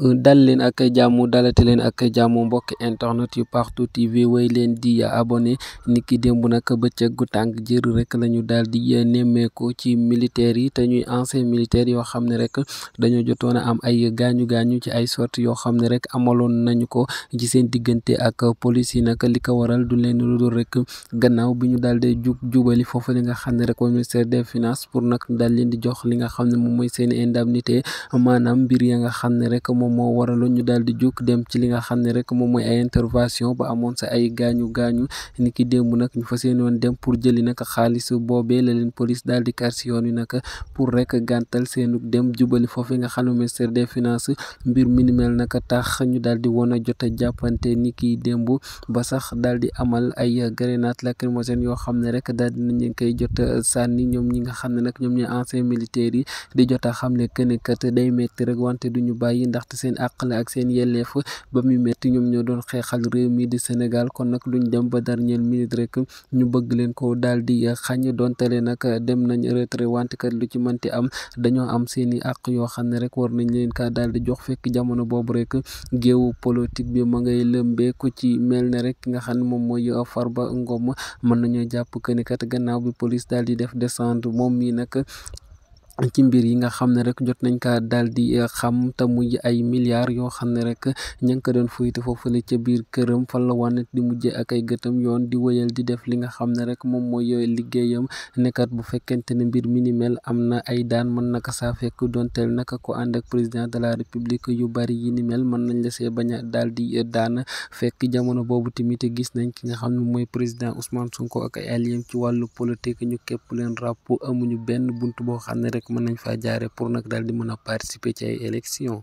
dal leen ak jàmm dalati leen ak jàmm mbokk internet yu partout TV way leen di abonné ni ki démb nag bëccëg gu tàng jër rek lañu ñu daal di nemmeeku ci militaires yi te ñuy ancien militaire yoo xam ne rek dañoo jotoon a am ay gaañu gaañu ay sorties yoo xam ne rek amaloon nañu ko ci seen diggante ak police yi nag li ko waral du leen lu dul rek gannaaw bi ñu daal di jug jubali foofu li nga xam ne rek waa ministère des pour nag daal leen di jox li nga xam ne moom mooy seen indemnité maanaam mbir nga xam ne rek moom moo waraloon ñu daal di jóg dem ci li nga xam ne rek moom mooy ay intervention ba amoon sa ay gaañu gaañu ni ki démb nag ñu fas yéene woon dem pour jëli nag xaalis boobee la leen police daal di kar si yoon wi nag pour rek gàntal seenu dem jubali foofu nga xam ne ministère des finances mbir mi ni mel nag tax ñu daal di woon a jot a jàppante ni ki démb ba sax daal di amal ay la moo lacrymogènes yoo xam ne rek daal di nañ koy jot sànni ñoom ñi nga xam ne nag ñoom ñooy anciens militaires yi di jot a xam ne que ne kat day metti rek wante duñu bàyyi ndaxte seen àq ak seen yelleef ba muy métti ñoom ñoo doon xeexal réew mii di Sénégal kon nag luñ dem ba dernière minute rek ñu bëgg leen ko daal di xañ dontale nag dem nañ retrait wante kat lu ci mënti am dañoo am seen i àq yoo xam ne rek war nañ leen kaa daal di jox fekk jamono boobu rek géewu politique bi ma ngay lëmbee ci mel ne rek ki nga xam ne moom mooy far Farba Ngom mën nañoo jàpp que ni kat gannaaw bi police daal di def descendre moom mii nag ci mbir yi nga xam ne rek jot nañ kaa daal di eh, xam te mujj ay milliards yoo xam ne rek ña ngi ko doon fuyte foofule ca biir këram fan la wane di mujjee ak ay gëtam yoon di wëyal di def li nga xam ne rek moom mooy liggéeyam nekkat bu fekkente ne mbir mi ni mel am na ay daan mën naka sa fekk donteel naka ko ànd ak président de la république yu bari yi ni mel mën nañ la see bañ a dal di eh, daan fekk jamono boobu tamit gis nañ ki nga xam ne mooy président Ousmane Sonko ci wàllu politique ñu képp leen ràpp benn bunt boo mën nañu faa jaare pour nag daal di mën a participer ci ay